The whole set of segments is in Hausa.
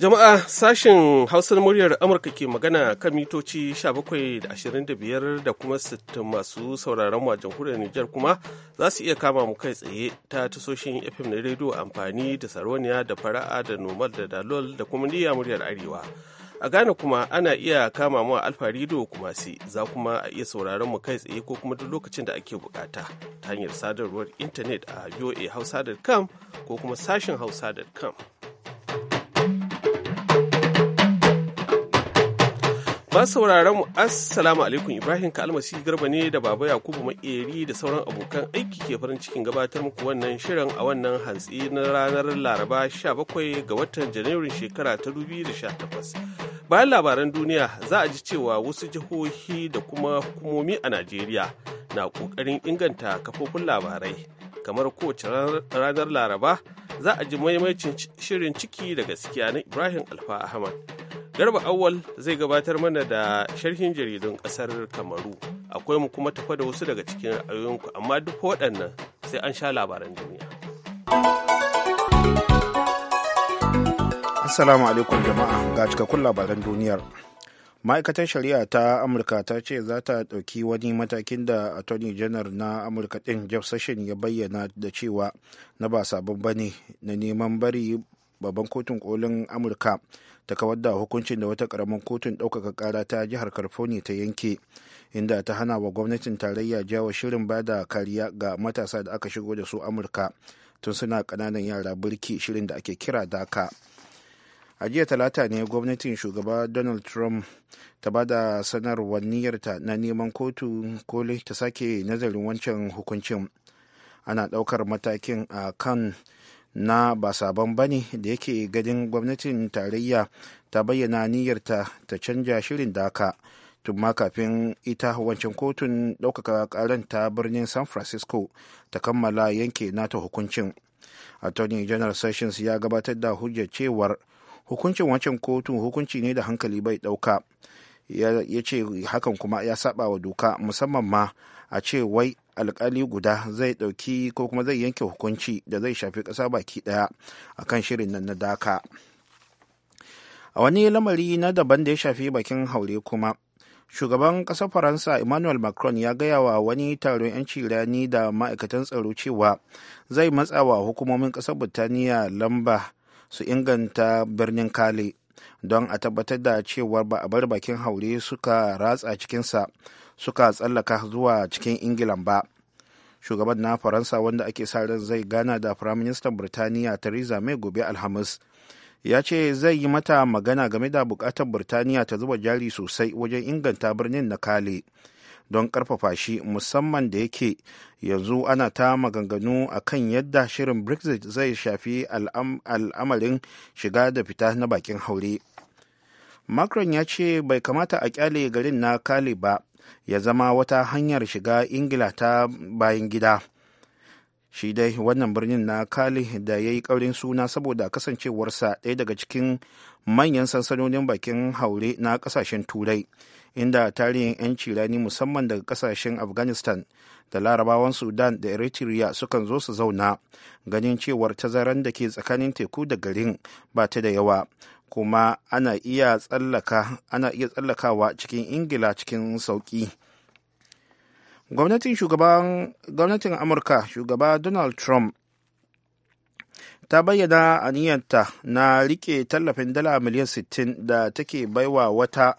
Jama'a sashen Hausar muryar Amurka ke magana kan mitoci 17.25 da kuma 60 masu sauraron mu a jamhuriyar Nijar kuma za su iya kama mu kai tsaye ta tasoshin FM na rediyo amfani da sarauniya da Fara'a da Nomal da Dalol da kuma Niyya muryar Arewa. A Ghana kuma ana iya kama mu a Alfa Rido kuma si za kuma a iya sauraron mu kai tsaye ko kuma duk lokacin da ake bukata ta hanyar sadarwar intanet a voahausa.com ko kuma sashen hausa.com. Masu sauraron mu assalamu alaikum Ibrahim Kalmasi Garba ne da Baba Yakubu Makeri da sauran abokan aiki ke farin cikin gabatar muku wannan shirin a wannan hantsi na ranar Laraba 17 ga watan Janairun shekara ta 2018. Bayan labaran duniya za a ji cewa wasu jihohi da kuma hukumomi a Najeriya na ƙoƙarin inganta kafofin labarai kamar kowace ranar Laraba za a ji maimaicin shirin ciki da gaskiya na Ibrahim Alfa Ahmad. Garba Awal zai gabatar mana da sharhin jaridun kasar Kamaru. Akwai mu kuma tafa da wasu daga cikin ra'ayoyinku amma duk waɗannan sai an sha labaran duniya. Assalamu alaikum jama'a ga cikakkun labaran duniyar. ma'aikatar shari'a ta amurka ta ce za ta ɗauki wani matakin da attorney general na amurka ɗin jeff sessions ya bayyana da cewa na ba sabon bane na neman bari babban kotun kolin amurka ta kawar da hukuncin da wata karamin kotun ɗaukaka ƙara ta jihar california ta yanke inda ta hana wa gwamnatin tarayya jawo shirin ba da kariya ga matasa da aka shigo da su amurka tun suna ƙananan yara birki shirin da ake kira daka a jiya talata ne gwamnatin shugaba donald trump ta ba da sanarwar niyyarta na neman kotu koli ta sake nazarin wancan hukuncin ana ɗaukar matakin a kan uh, na ba sabon bane da yake gadin gwamnatin tarayya ta bayyana niyyarta ta canja shirin daka tun ma kafin ita wancan kotun ɗaukaka ƙaran ta birnin san francisco ta kammala yanke nata hukuncin attorney general sessions ya gabatar da hujjar cewar hukuncin wancan kotun hukunci ne da hankali bai ɗauka ya ce hakan kuma ya saba wa doka musamman ma a ce wai alkali guda zai ɗauki ko kuma zai yanke hukunci da zai shafi ƙasa baki ɗaya a kan shirin nan na daka a wani lamari na daban da ya shafi bakin haure kuma shugaban ƙasar faransa emmanuel macron ya gaya wa wani taron 'yanci rani da ma'aikatan tsaro cewa zai matsawa hukumomin ƙasar burtaniya lamba su inganta birnin kale don a tabbatar da cewa ba a bar bakin haure suka ratsa cikinsa suka tsallaka zuwa cikin ingilan ba shugaban na faransa wanda ake sa ran zai gana da firaministan birtaniya theresa may gobe alhamis ya ce zai yi mata magana game da bukatar birtaniya ta zuba jari sosai wajen inganta birnin na kale don karfafa shi musamman da yake yanzu ana ta maganganu a kan yadda shirin brexit zai shafi al'amarin shiga da fita na bakin haure macron ya ce bai kamata a kyale garin na kale ba ya zama wata hanyar shiga ingila ta bayan gida shi dai wannan birnin na kali da ya yi ƙaurin suna saboda kasancewarsa ɗaya daga cikin manyan sansanonin bakin haure na ƙasashen turai inda tarihin 'yanci rani musamman daga ƙasashen afghanistan da larabawan sudan da eritrea sukan zo su zauna ganin cewar tazaran da ke tsakanin teku da garin ba ta da yawa kuma ana iya tsallakawa cikin ingila cikin sauƙi gwamnatin shugaban gwamnatin amurka shugaba donald trump ta bayyana aniyarta na rike tallafin dala miliyan 60 da take baiwa wata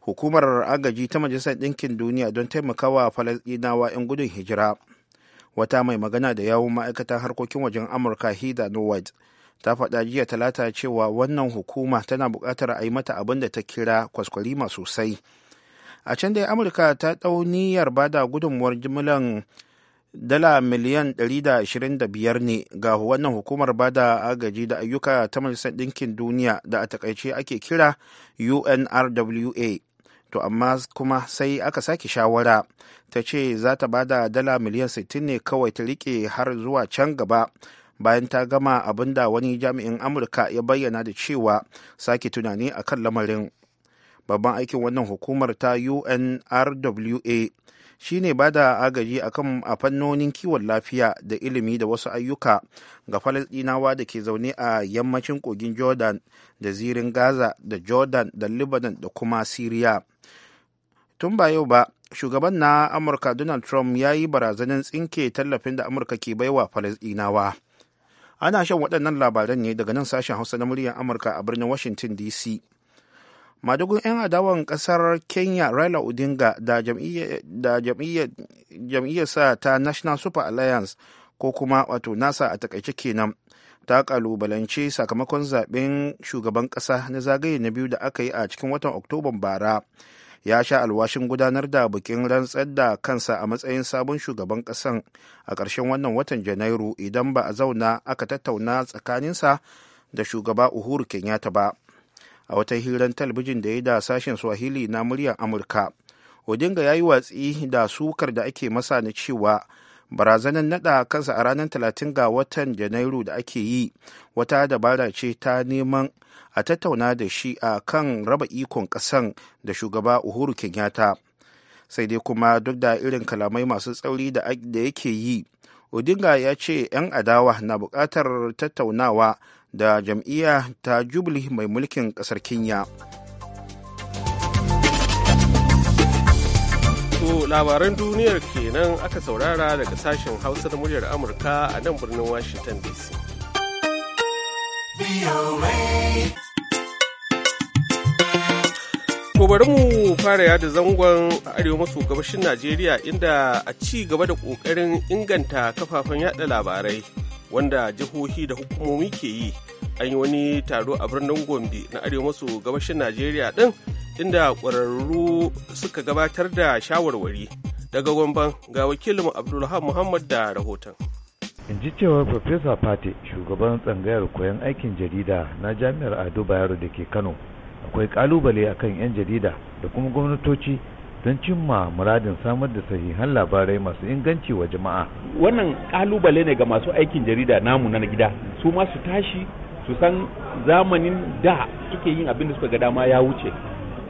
hukumar agaji ta majalisar ɗinkin duniya don taimakawa falasɗinawa 'yan gudun hijira wata mai magana da yawun ma'aikatan harkokin wajen amurka hida nowat ta faɗa jiya talata cewa wannan hukuma tana buƙatar a yi mata abin da ta kira kwaskwarima sosai a can dai amurka ta ɗau niyyar bada gudunmuwar jimlan dala miliyan 125 ne ga wannan hukumar ba da agaji da ayyuka ta majalisar ɗinkin duniya da a takaice ake kira unrwa to amma kuma sai aka sake shawara ta ce za ta bada dala miliyan 60 ne kawai ta riƙe har zuwa can gaba bayan ta gama abin da wani jami'in amurka ya bayyana da cewa sake tunani a kan lamarin babban aikin wannan hukumar ta unrwa shine ba da agaji kan a fannonin kiwon lafiya da ilimi da wasu ayyuka ga falasdinawa da ke zaune a yammacin kogin jordan da zirin gaza da jordan da lebanon da kuma syria tun ba yau ba shugaban na amurka donald trump ya yi barazanin tsinke tallafin da amurka ke baiwa falasdinawa ana shan waɗannan labaran ne daga nan sashen hausa na muryar amurka a birnin washington dc madugun 'yan adawan ƙasar kenya raila odinga da sa ta national super alliance ko kuma wato nasa a takaice kenan ta kalubalance sakamakon zaben shugaban ƙasa na zagaye na biyu da aka yi a cikin watan oktoban bara ya sha alwashin gudanar da bikin rantsar da kansa a matsayin sabon shugaban kasan a ƙarshen wannan watan janairu idan ba a zauna aka tattauna tsakaninsa da shugaba uhuru kenyatta ba a wata hirar talabijin da ya da sashen swahili na muryar amurka odinga ya yi watsi da sukar da ake masa na cewa barazanar nada kansa a ranar 30 ga watan janairu da ake yi wata dabara ce ta neman a tattauna da shi a kan raba ikon kasan da shugaba uhuru kenyatta sai dai kuma duk da irin kalamai masu tsauri da yake yi odinga ya ce 'yan adawa na bukatar tattaunawa da jam'iyya ta jubilee mai mulkin ƙasar kenya labaran duniyar kenan aka saurara daga sashen Hausa da muryar Amurka a nan birnin Washington DC. To mu fara yada zangon arewa maso gabashin Najeriya inda a ci gaba da ƙoƙarin inganta kafafen yada labarai wanda jihohi da hukumomi ke yi an yi wani taro a birnin Gombe na arewa maso gabashin Najeriya ɗin. inda ƙwararru suka gabatar da shawarwari daga gwamban ga wakilinmu abdulham muhammad da rahoton in ji cewar farfesa fati shugaban tsangayar koyon aikin jarida na jami'ar ado bayero da ke kano akwai kalubale kan 'yan jarida da kuma gwamnatoci don cimma muradin samar da sahihan labarai masu inganci wa jama'a wannan kalubale ne ga masu aikin jarida namu na gida su ma su tashi su san zamanin da suke yin abin da suka ga dama ya wuce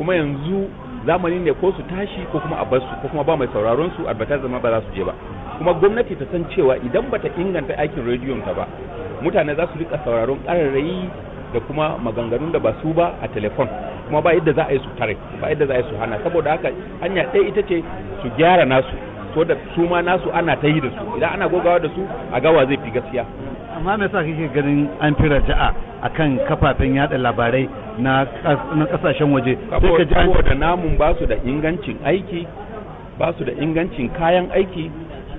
kuma yanzu zamani ne ko su tashi ko kuma a bar su ko kuma ba mai sauraron su advertiser ma ba za su je ba kuma gwamnati ta san cewa idan bata inganta aikin rediyon ta ba mutane za su rika sauraron kararrayi da kuma maganganun da ba su ba a telefon kuma ba yadda za a yi su tare ba yadda za a yi su hana saboda haka hanya ɗaya ita ce su gyara nasu so da su ma nasu ana ta yi da su idan ana gogawa da su a gawa zai fi gaskiya amma me yasa kike ganin an fi raja'a akan kafafen yada labarai na kasashen waje sai ka ji da namun ba da ingancin aiki ba da ingancin kayan aiki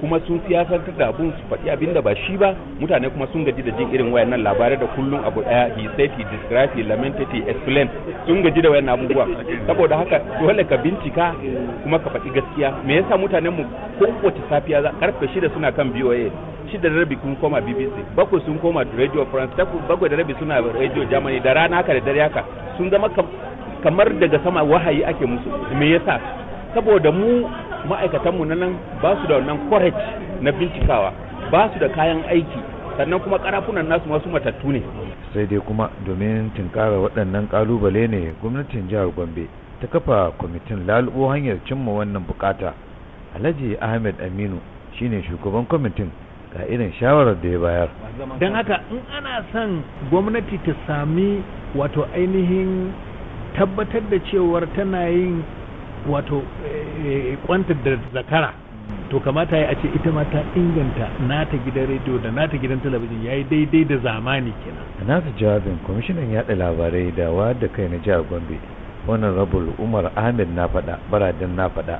kuma sun siyasar da abun su faɗi abin ba shi ba mutane kuma sun gaji da jin irin wayannan labarai da kullum abu daya he said he described he lamented he explained sun gaji da wayannan abubuwa saboda haka dole ka bincika kuma ka faɗi gaskiya me yasa mutanen mu kowace safiya za karfe shida suna kan BOA shida da rabi kun koma BBC bakwai sun koma Radio France bakwai da rabi suna Radio Germany da rana ka da dare ka sun zama kamar daga sama wahayi ake musu me yasa saboda mu ma'aikatanmu na nan ba su da wannan courage na bincikawa ba su da kayan aiki sannan kuma karafunan nasu masu matattu ne sai dai kuma domin tunkara waɗannan kalubale ne gwamnatin jihar gombe ta kafa kwamitin lalubo hanyar cimma wannan bukata alhaji ahmed aminu shine shugaban kwamitin ga irin shawarar da ya bayar don haka in ana son gwamnati ta sami wato ainihin tabbatar da cewar tana yin wato eh, kwanta da zakara to kamata ya ce ita ma ta inganta nata gidan rediyo da nata gidan talabijin ya yi daidai da zamani kenan a nasa jawabin kwamishinan yaɗa labarai da da kai na jihar gombe wannan rabul umar ahmed na faɗa don na faɗa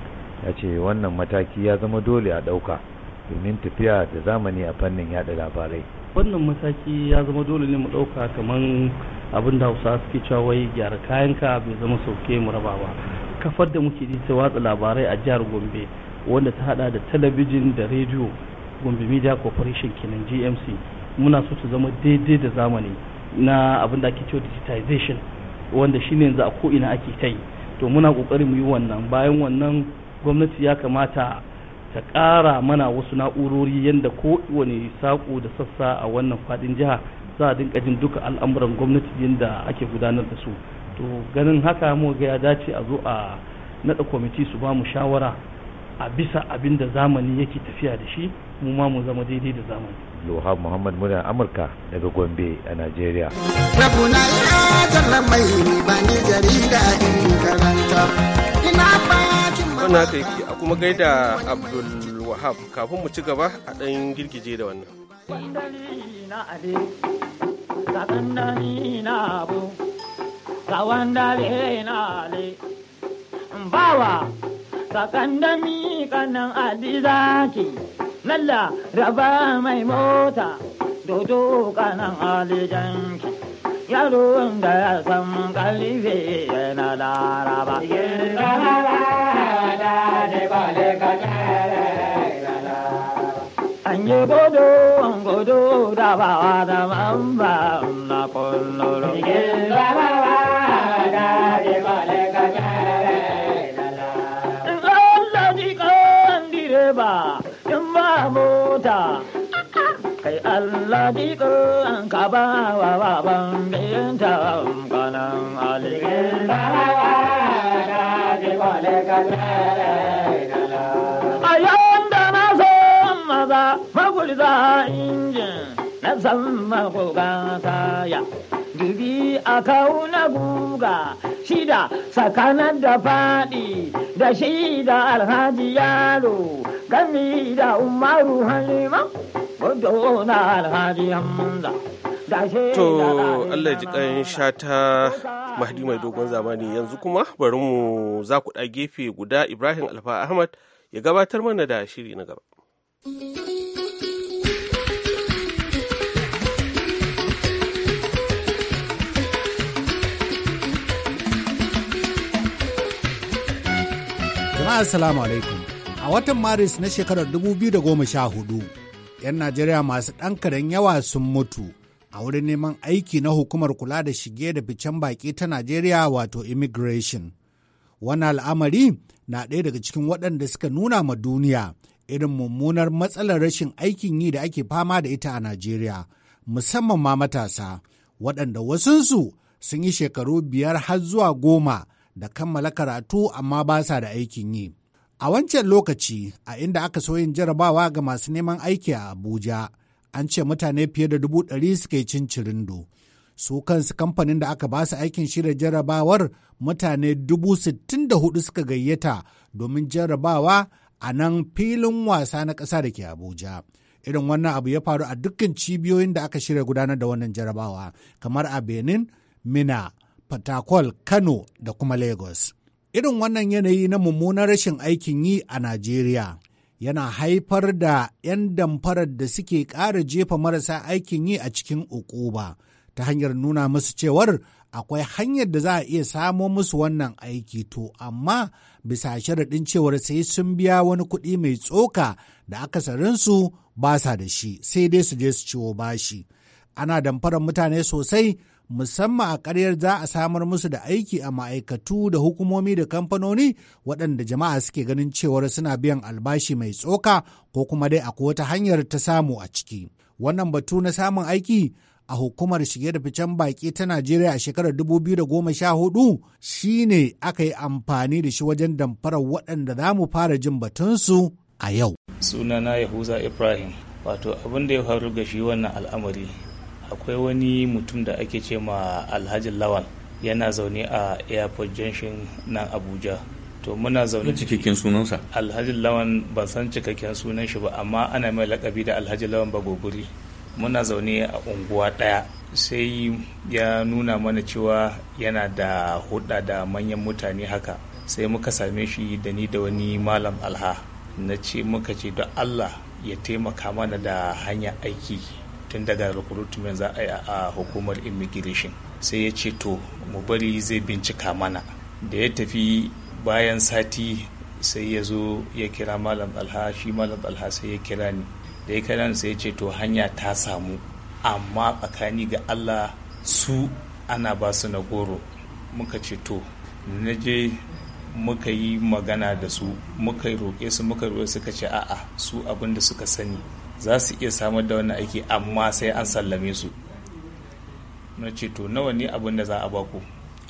ya ce wannan mataki ya zama dole a ɗauka domin tafiya da zamani a fannin yada labarai wannan mataki ya zama dole ne mu ɗauka kamar abin da hausa suke cewa wai gyara kayanka bai zama sauke mu raba ba kafar da muke ji ta watsa labarai a jihar gombe wanda ta hada da talabijin da rediyo gombe media corporation kenan gmc muna so ta zama daidai da zamani na abin da ake cewa digitization wanda shine yanzu a ina ake kai to muna ƙoƙarin mu yi wannan bayan wannan gwamnati ya kamata ta ƙara mana wasu na'urori yadda ko wani saƙo da sassa a wannan faɗin jiha za a dinka jin duka al'amuran gwamnati yadda ake gudanar da su to ganin haka mu ga ya dace a zo a naɗa kwamiti su ba mu shawara a bisa abin da zamani yake tafiya da shi mu ma mu zama daidai da zamani Lohab Muhammad muna Amurka daga Gombe a Najeriya. Rabuna ya mai ba ni jarida in karanta. Ina wannan haka yake a kuma gaida abdul wahab kafin mu ci gaba a ɗan girgije da wannan bawa sakandami kanan zaki lalla raba mai mota dodo kanan alijanki yaro da ya san kalife yana laraba Anye godo godo da ba da mamba na kololo. Ige da ba wa da de ba ka ba in ba mota. Kai Allah di kan ka ba wa ban ta kanan ba wa A yawan da na so maza magulza injin na san magulgata ya. Dubi a kauna guga shida tsakanin da faɗi da shi da alhaji yaro gami da umaru halima gudu na alhaji hamza. To Allah ji kan shata mahdi mai dogon zamani yanzu kuma bari mu za ku ɗa gefe guda Ibrahim Alfa Ahmad ya gabatar mana da shiri na gaba. Jama'a Assalamu alaikum. A watan Maris na shekarar 2014, 'yan Najeriya masu ɗan yawa sun mutu a wurin neman aiki na hukumar kula da shige da ficen baƙi ta Najeriya wato immigration. Wani al'amari na ɗaya daga cikin waɗanda suka nuna ma duniya irin mummunar matsalar rashin aikin yi da ake fama da ita a Najeriya, musamman ma matasa, waɗanda wasunsu sun yi shekaru biyar har zuwa goma da kammala karatu amma ba sa da aikin yi. A wancan lokaci, a inda aka so yin jarabawa ga masu neman aiki a Abuja, an ce mutane fiye da dubu ɗari suka yi cincirindo. Su kansu kamfanin da aka ba su aikin shirya jarrabawar mutane dubu sittin da hudu suka gayyata domin jarrabawa a nan filin wasa na ƙasa da ke Abuja. Irin wannan abu ya faru a dukkan cibiyoyin da aka shirya gudanar da wannan jarrabawa kamar a Benin, Mina, Fatakwal, Kano da kuma Lagos. Irin wannan yanayi na mummunar rashin aikin yi a Najeriya yana haifar da 'yan damfarar da suke ƙara jefa marasa aikin yi a cikin ukuba ta hanyar nuna musu cewar akwai hanyar da za a iya samo musu wannan aiki to amma bisa sharaɗin cewar sai sun biya wani kuɗi mai tsoka da akasarinsu ba sa da shi sai dai su je su ciwo bashi ana damfarar mutane sosai musamman a ƙaryar za a samar musu da aiki a ma'aikatu da hukumomi da kamfanoni waɗanda jama'a suke ganin cewar suna biyan albashi mai tsoka ko kuma dai akwai wata hanyar ta samu a ciki. Wannan batu na samun aiki a hukumar shige da ficen baƙi ta Najeriya a shekarar 2014 shi ne aka yi amfani da shi wajen damfarar waɗanda za mu fara jin batunsu a yau. Sunana Yahuza Ibrahim, wato abin da ya faru ga shi wannan al'amari akwai wani mutum da ake ce ma alhaji lawal yana zaune a airport junction nan abuja to muna zaune cikakken sunansa alhaji lawan ban san cikakken sunan shi ba amma ana mai lakabi da alhaji lawan bagoguri muna zaune a unguwa ɗaya sai ya nuna mana cewa yana da hudda da manyan mutane haka sai muka same shi da ni da wani malam alha na ce muka ce don allah ya taimaka mana da hanya aiki tun daga recruitment za a yi a hukumar immigration sai ya ce to mu bari zai bincika mana da ya tafi bayan sati sai ya zo ya kira malam alha shi malam alha sai ya kira ni da ya kira sai ya ce to hanya ta samu amma tsakani ga allah su ana ba su na goro muka ce to na je muka yi magana da su muka roƙe su muka roƙe suka ce a'a su abin da suka sani za su iya samar da wannan aiki amma sai an sallame su na ce to nawa ne abin da za a baku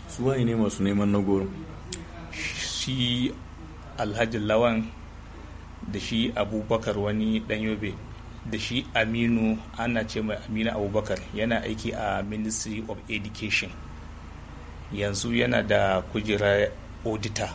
su waye ne masu neman na goro shi alhaji lawan da shi abubakar wani dan yobe da shi aminu ana ce mai aminu abubakar yana aiki a ministry of education yanzu yana da kujera auditor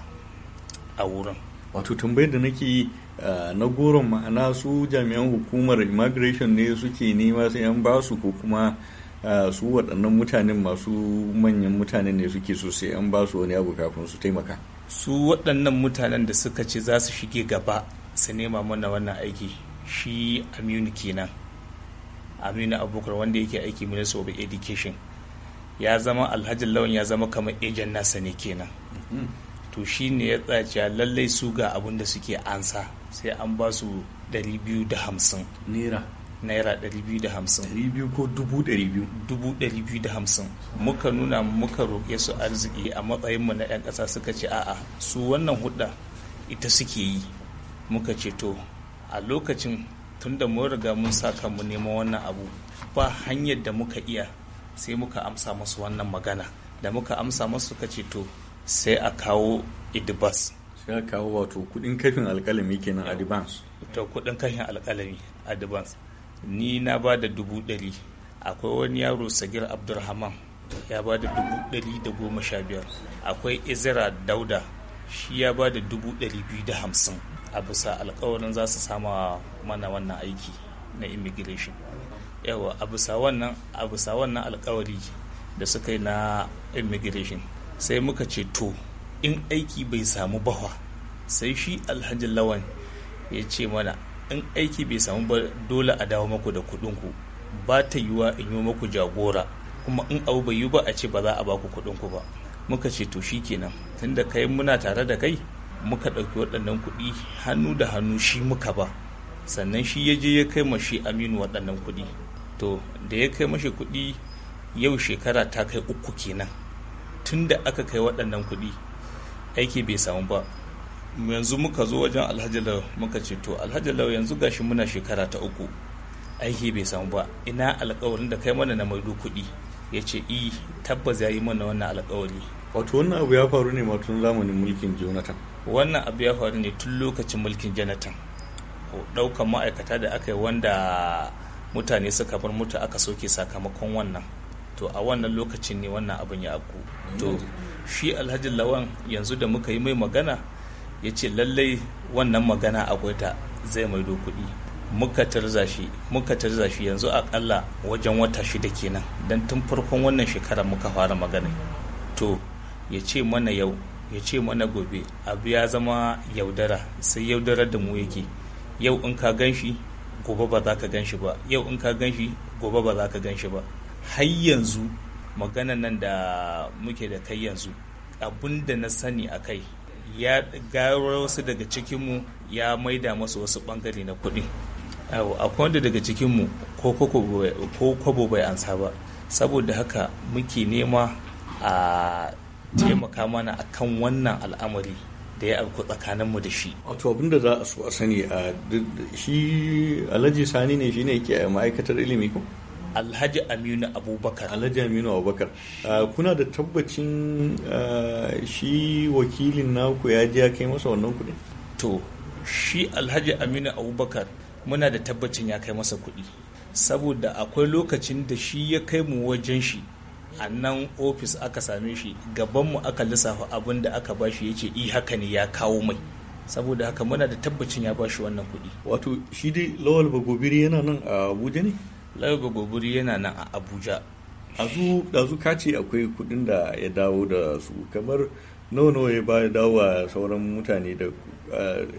a wurin wato tambayar da nake Eh, na goron ma'ana su jami'an hukumar immigration ne suke nema sai an ba su ko kuma eh, su waɗannan mutanen masu manyan mutane ne suke so sai an ba su wani abu kafin su taimaka su waɗannan mutanen da suka ce za su shige gaba su nema mana wannan aiki shi aminu kenan aminu abubakar wanda yake aiki minister of education ya zama alhaji lawan ya zama kamar ejen nasa ne kenan mm-hmm. to shi ne ya tsaci lallai su ga abin da suke ansa sai an ba su 250 naira naira 250 ko 250 muka nuna muka roƙe su arziki a matsayinmu na 'yan ƙasa suka ce a'a su wannan hudda ita suke yi muka ce to a lokacin tunda mun riga mun sa mu neman wannan abu ba hanyar da muka iya sai muka amsa masu wannan magana da muka amsa masu suka ce to sai a kawo idibas ya kawo wato kudin kafin alkalami kenan advance to kudin kafin alkalami advance ni na ba da dubu ɗari akwai wani yaro sagir abdulrahman ya ba da dubu ɗari da goma sha biyar akwai izira dauda shi ya ba da dubu ɗari biyu da hamsin a bisa alkawarin za su sama mana wannan aiki na immigration yawa a bisa wannan a bisa wannan alkawari da suka yi na immigration sai muka ce to in aiki bai samu bahwa sai shi alhaji lawan ya ce mana in aiki bai samu ba dole a dawo maku da kuɗinku ba ta yiwa in yi maku jagora kuma in abu bai yi ba a ce ba za a ba ku kuɗinku ba muka ce to shi kenan tunda kai muna tare da kai muka ɗauki waɗannan kuɗi hannu da hannu shi muka ba sannan shi ya je ya kai ma shi aminu waɗannan kuɗi to da ya kai mashi kuɗi yau shekara ta kai uku kenan tun da aka kai waɗannan kuɗi aiki bai samu ba yanzu muka zo wajen alhaji lau muka ce to alhaji lau yanzu gashi muna shekara ta uku aiki bai samu ba ina alkawarin da kai mana na maido kuɗi ya ce i e, tabbas ya yi mana wannan alkawari wato wannan abu ya faru ne tun zamanin mulkin jonathan wannan abu ya faru ne tun lokacin mulkin jonathan ɗaukan ma'aikata da aka yi wanda mutane suka bar mutu aka soke sakamakon wannan to a wannan lokacin ne wannan abin ya aku to shi alhaji lawan yanzu da muka yi mai magana ya ce lallai wannan magana akwai ta zai maido kuɗi muka tarza shi muka tarza shi yanzu akalla wajen wata shida kenan don tun farkon wannan shekara muka fara magana to ya ce mana yau ya ce mana gobe abu ya zama yaudara sai yaudarar da mu yake yau in ka gan shi gobe ba za ka gan shi ba yau in ka gan shi gobe ba za ka gan shi ba har yanzu magana nan da muke da kai yanzu abun da na sani a kai ya gara wasu daga cikinmu ya maida masu wasu bangare na kuɗi akwai wanda daga cikinmu ko kwabo bai ansa ba saboda haka muke nema a taimaka mana a kan wannan al'amari da ya auku tsakaninmu da shi. Wato abin da za a so a sani a shi alhaji sani ne shi ne ke ma'aikatar ilimi ko? alhaji aminu abubakar alhaji aminu abubakar ah, kuna da tabbacin ah, shi wakilin naku ya je ya kai masa wannan kuɗi to shi alhaji aminu abubakar muna da tabbacin ya kai masa kuɗi saboda akwai lokacin da shi ya kai mu wajen shi a nan ofis aka same shi gabanmu aka lissafa abin da aka bashi ya ce i haka ne ya kawo mai saboda haka muna da tabbacin ya bashi wannan kuɗi wato shi dai lawal bagobiri yana nan a abuja ne ga goburi yana nan a abuja ɗazu ka ce akwai kuɗin da ya dawo da su kamar nawa ya ba ya dawo a sauran mutane da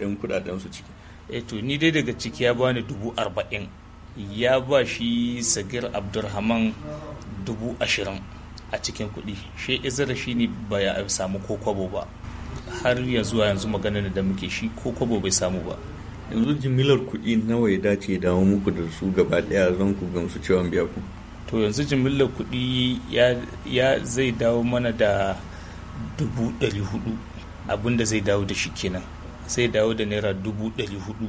yan kudaden su ciki e to ni dai daga ciki ya bani dubu arba'in ya ba shi sagir abdurrahman dubu ashirin a cikin kuɗi shi izira shi ne ba ya samu ko ba har ya zuwa yanzu magana da muke shi ko bai samu ba yanzu jimilar kuɗi nawa ya dace dawo muku da su gaba ɗaya zan ku gamsu cewa biya ku to yanzu jimillar kuɗi ya zai dawo mana da dubu ɗari hudu abin da zai dawo da shi kenan sai dawo da naira dubu ɗari hudu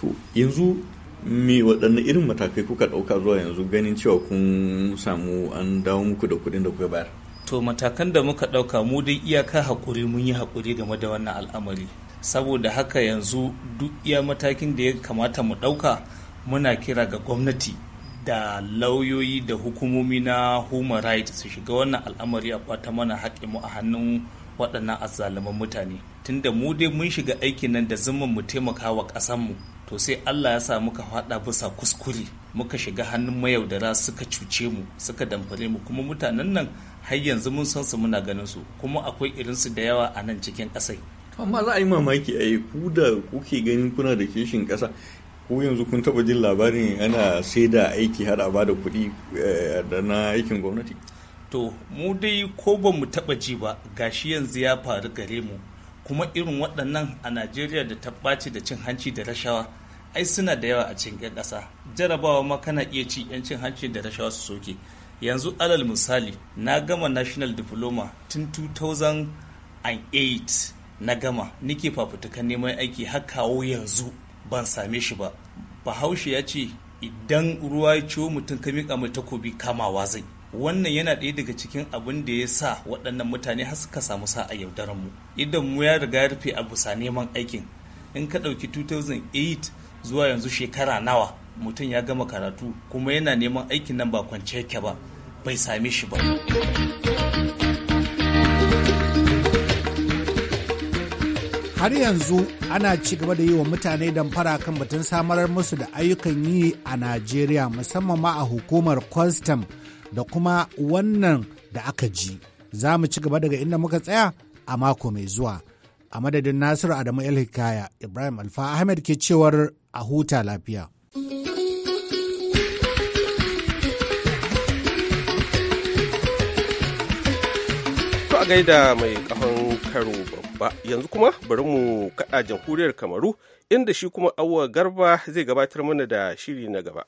to yanzu me waɗanne irin matakai kuka ɗauka zuwa yanzu ganin cewa kun samu an dawo muku da kuɗin da kuka bayar to matakan da muka ɗauka mu dai iyaka haƙuri mun yi haƙuri game da wannan al'amari saboda haka yanzu duk iya matakin da ya kamata mu ɗauka muna kira ga gwamnati da lauyoyi da hukumomi na human rights su shiga wannan al'amari a kwata mana mu a hannun waɗannan azzaluman mutane tunda mu dai mun shiga aikin nan da zumman mu taimaka wa ƙasanmu to sai Allah ya sa muka faɗa bisa kuskure muka shiga hannun mayaudara suka cuce mu suka damfare mu kuma mutanen nan har yanzu mun san su muna ganin su kuma akwai irinsu da yawa a nan cikin ƙasai amma za a yi mamaki a ku da kuke ganin kuna da kishin ƙasa ko yanzu kun taba jin labarin ana sai da aiki har a bada kuɗi eh, da na aikin gwamnati to mu dai ko ba mu taba ji ba gashi yanzu ya faru gare mu kuma irin waɗannan a najeriya da tabbaci da cin hanci da rashawa ai suna da yawa a cikin ƙasa jarabawa ma kana iya ci yan cin hanci da rashawa su soke yanzu alal misali na gama national diploma tun 2008 na gama nike fafutukan neman aiki har kawo yanzu ban same shi ba bahaushe ya ce idan ruwa ya ciwo mutum ka miƙa mai takobi kamawa zai wannan yana ɗaya daga cikin abin da ya sa waɗannan mutane har suka samu sa a yaudaran mu idan mu ya riga ya rufe a busa neman aikin in ka ɗauki 2008 zuwa yanzu shekara nawa mutum ya gama karatu kuma yana neman aikin nan ba kwance yake ba bai same shi ba har yanzu ana ci gaba da yi wa mutane damfara kan batun samar musu da ayyukan yi a najeriya musamman ma a hukumar kwastam da kuma wannan da aka ji za mu ci gaba daga inda muka tsaya a mako mai zuwa a madadin nasiru adamu el hikaya ibrahim alfa ahmed ke cewar a huta lafiya to a gaida mai kahon karo ba yanzu kuma bari mu kaɗa jamhuriyar kamaru inda shi kuma awwa garba zai gabatar mana da shiri na gaba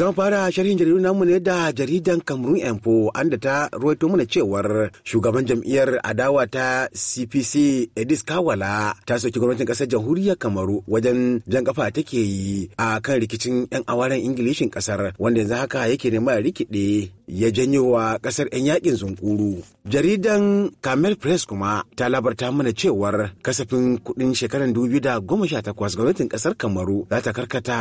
Zan fara sharhin jaridun namu ne da jaridan Cameroon Info an da ta ruwaito mana cewar shugaban jam'iyyar adawa ta CPC Edis Kawala ta soki gwamnatin kasar jamhuriyar Kamaru wajen jan kafa take yi a kan rikicin 'yan awaren Ingilishin kasar wanda yanzu haka yake nema rikide ya janyo wa kasar 'yan yakin zunkuru. Jaridan Camel Press kuma ta labarta mana cewar kasafin kudin shekarar 2018 gwamnatin kasar Kamaru za ta karkata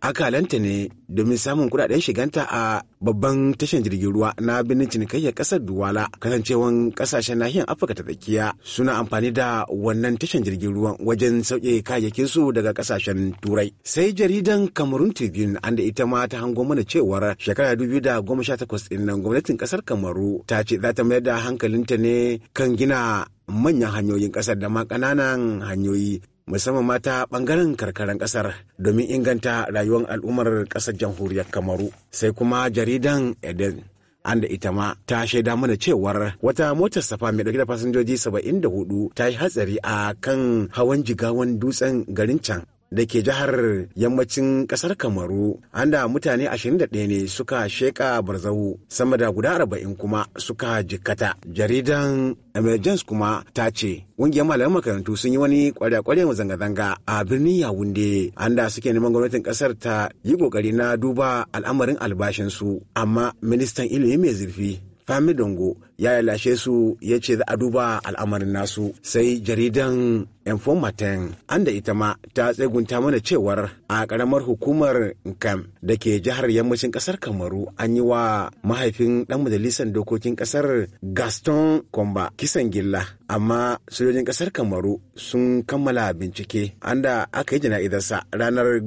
akalanta ne domin samun kudaden shiganta a babban tashan jirgin ruwa na birnin cinikayya kasar duwala kasancewan kasashen nahiyar afirka ta tsakiya suna amfani da wannan tashan jirgin ruwa wajen sauke kayayyakin su daga kasashen turai sai jaridan Kamarun tribune an da ita ma ta hango mana cewar shekara dubu da goma sha takwas ɗin nan gwamnatin kasar kamaru ta ce za ta mayar da hankalinta ne kan gina manyan hanyoyin kasar da ma kananan hanyoyi musamman mata bangaren karkaran kasar domin inganta rayuwar al'ummar kasar jamhuriyar kamaru sai kuma jaridan eden an da ita ma ta shaida mana cewar wata motar safa mai dauke da fasinjoji 74 ta yi hatsari a kan hawan jigawan dutsen garin can da ke jihar yammacin kasar kamaru an da mutane 21 ne suka sheka barzahu sama da guda 40 kuma suka jikkata jaridan emergence kuma ta ce ƙungiyar malaman makarantu sun yi wani kwarya-kwarya zanga-zanga a birnin yawunde an suke neman gwamnatin kasar ta yi kokari na duba al'amarin albashinsu amma ministan ilimi mai zurfi Fami Dongo ya yalashe su ya ce za a duba al'amarin nasu sai jaridan Informatin anda ita ma ta tsegunta mana cewar a karamar hukumar Nkam da ke jihar yammacin kasar Kamaru an yi wa mahaifin dan majalisar dokokin kasar Gaston Komba kisan gilla amma sojojin kasar Kamaru sun kammala bincike Anda aka yi jana'izarsa ranar 13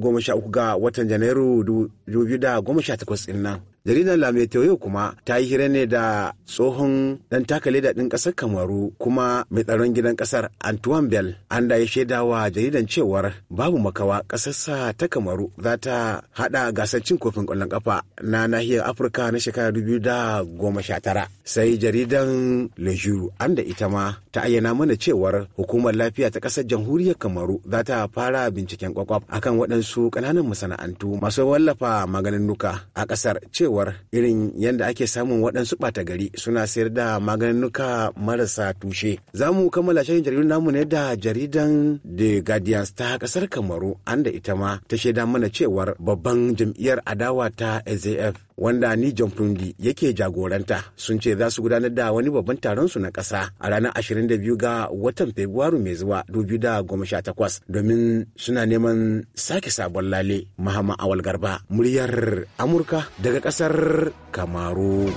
ga watan Janairu 2018 din nan jaridar la yau kuma ta yi hira ne da tsohon dan takale daɗin ƙasar kamaru kuma mai tsaron gidan ƙasar antoine bell an da ya shaida wa jaridan cewar babu makawa ƙasarsa ta kamaru za ta haɗa gasar cin kofin ƙwallon ƙafa na nahiyar afirka na shekara dubu da goma sha tara sai jaridan le an da ita ma ta ayyana mana cewar hukumar lafiya ta ƙasar jamhuriyar kamaru za ta fara binciken kwakwaf akan waɗansu ƙananan masana'antu masu wallafa maganin nuka a ƙasar cewa cewar irin yadda ake samun waɗansu ɓata gari suna sayar da maganinuka marasa tushe. Za mu kammala shirin jaridun namu ne da jaridan The Guardian ta ƙasar Kamaru, an da ita ma ta shaida mana cewar babban jam'iyyar adawa ta SAF wanda ni jamfundi yake jagoranta sun ce za su gudanar da wani babban taron su na ƙasa a ranar 22 ga watan Februari mai zuwa 2018 domin suna neman sake sabon lale Mahama Awal Garba muryar Amurka daga ƙasar Kamaru.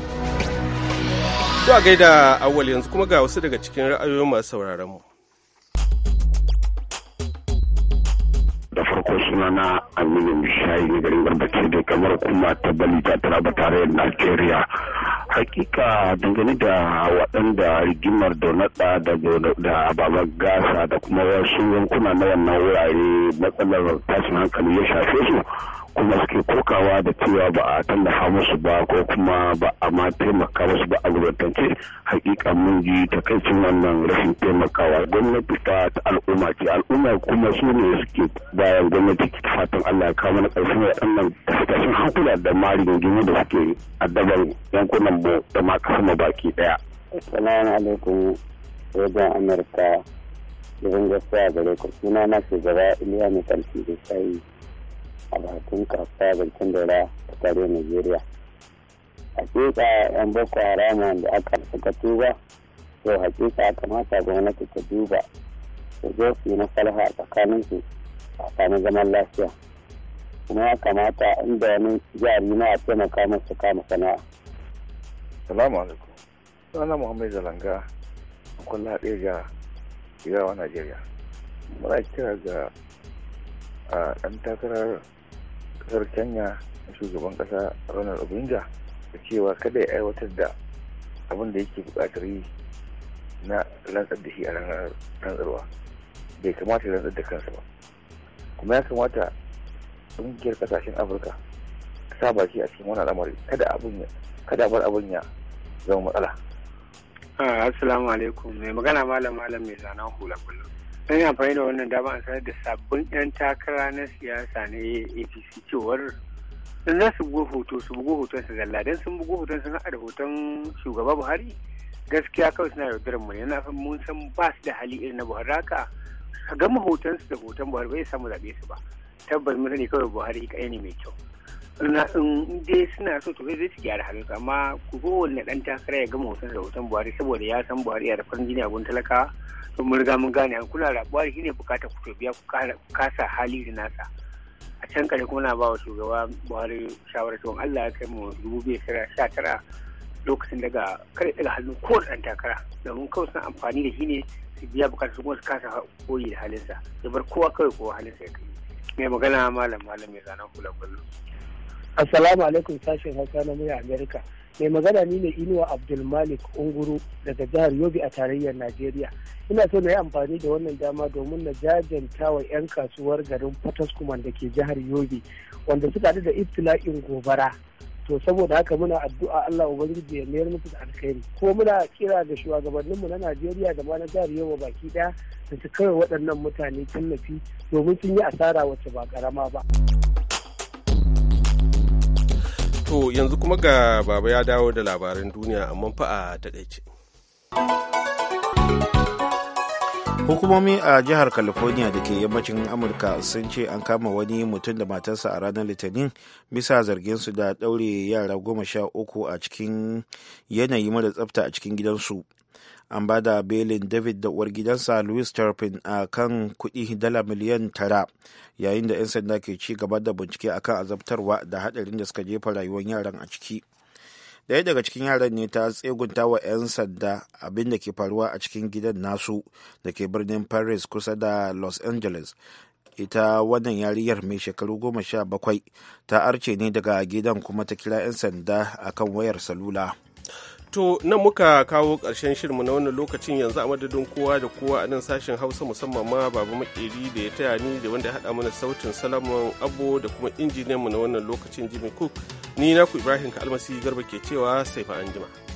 a gaida awal yanzu kuma ga wasu daga cikin ra'ayoyin masu sauraron mu. ko suna na aminu shayi garin garbace da kamar kuma ta bali ta tare da najeriya hakika dangane da waɗanda rigimar donata da baba gasa da kuma wasu yankuna na wannan wurare matsalar tashin hankali ya shafe su kuma suke kokawa da cewa ba a tallafa musu ba ko kuma ba a ma taimaka musu ba a gurbatance hakika mun ji takaicin wannan rashin taimakawa gwamnati ta al'umma ce al'umma kuma su ne suke bayan gwamnati fatan Allah ya kawo mana ƙarshen waɗannan tashin hankula da mari rigingimu da suke addaban yankunan mu da ma kasama baki ɗaya. Assalamu alaikum wajen Amurka. yawan gaskiya gare ku. Suna na shugaba Iliya Mai da Sayi. alhakin kasuwa zancen daura ta tare Najeriya. Hakika yan boko haram da aka suka tuba to hakika ya kamata gwamnati ta duba da zo na yi maslaha a tsakaninsu a sami zaman lafiya. Kuma ya kamata inda wani jari ma a taimaka masu kama sana'a. Salamu alaikum. Sana Muhammad Zalanga a kwallon haɗe ga Jigawa Najeriya. Muna kira ga ɗan takarar kasar kenya shugaban kasa ronald obinga da cewa kada ya aiwatar da abin da yake bukatar yi na rantsar da shi a ranar bai kamata ya rantsar da kansa ba kuma ya kamata ƙungiyar kasashen afirka sa baki a cikin wani al'amari kada bar abin ya zama matsala ah, assalamu alaikum mai magana malam malam mai zanen hula kullum sun yi amfani da wannan dama a sanar da sabbin 'yan takara na siyasa na apc cewar in za su bugo hoto su bugo hoton su zalla don sun bugo hoton sun haɗa hoton shugaba buhari gaskiya kawai suna yaudarar mu yana mun san ba su da hali irin na buhari haka ka gama hoton su da hoton buhari bai samu zaɓe su ba tabbas mun sani kawai buhari ka ne mai kyau na in dai suna so to zai su gyara halin amma kowanne ɗan takara ya gama hoton da hoton buhari saboda ya san buhari ya da farin jini a gun talakawa mun riga mun gane an kuna rabuwa shi ne bukata ku to biya ku kasa hali da nasa a can kare kuma na ba wa shugaba buhari shawarar cewa allah ya kai mu dubu biyu sha tara lokacin daga kare daga hannun kowane ɗan takara domin kawai sun amfani da shi ne su biya bukata su kuma su kasa koyi da halinsa ya bar kowa kawai kowa halinsa ya kai mai magana malam malam ya zanen kula kwallo assalamu alaikum sashen hausa na muya amerika mai magana ni ne inuwa abdulmalik unguru daga jihar yobe a tarayyar najeriya ina so na yi amfani da wannan dama domin na jajanta wa 'yan kasuwar garin fataskuman da ke jihar yobe wanda suka da ibtila'in gobara to saboda haka muna addu'a Allah ubangiji ya mayar musu da alkhairi ko muna kira ga shugabanninmu na Najeriya da ma na jihar Yobe baki ɗaya da su kawai waɗannan mutane tallafi domin sun yi asara wacce ba ƙarama ba. To yanzu kuma ga baba ya dawo da labaran duniya amma fa a takaice. Hukumomi a jihar California da ke yammacin Amurka sun ce an kama wani mutum da matarsa a ranar Litinin bisa zarginsu da ɗaure yara goma sha uku a cikin yanayi mara tsafta a cikin gidansu. an ba da belin david da uwar gidansa louis turpin a kan kudi dala miliyan tara yayin da 'yan sanda ke ci gaba da bincike akan azabtarwa da hadarin da suka jefa rayuwar yaran a ciki daya daga cikin yaran ne ta tsegunta wa 'yan sanda abin da ke faruwa a cikin gidan nasu da ke birnin paris kusa da los angeles ita wannan yariyar mai shekaru goma sha bakwai ta arce ne daga gidan kuma ta kira 'yan sanda akan wayar salula To nan muka kawo ƙarshen shirinmu na wannan lokacin yanzu a madadin kowa da kowa a nan sashen Hausa musamman ma Baba Makeri da ya taya ni da wanda ya haɗa mana sautin Salaman Abo da kuma injiniyanmu na wannan lokacin Jimmy Cook. Ni naku Ibrahim Kalmasi Garba ke cewa sai fa anjima.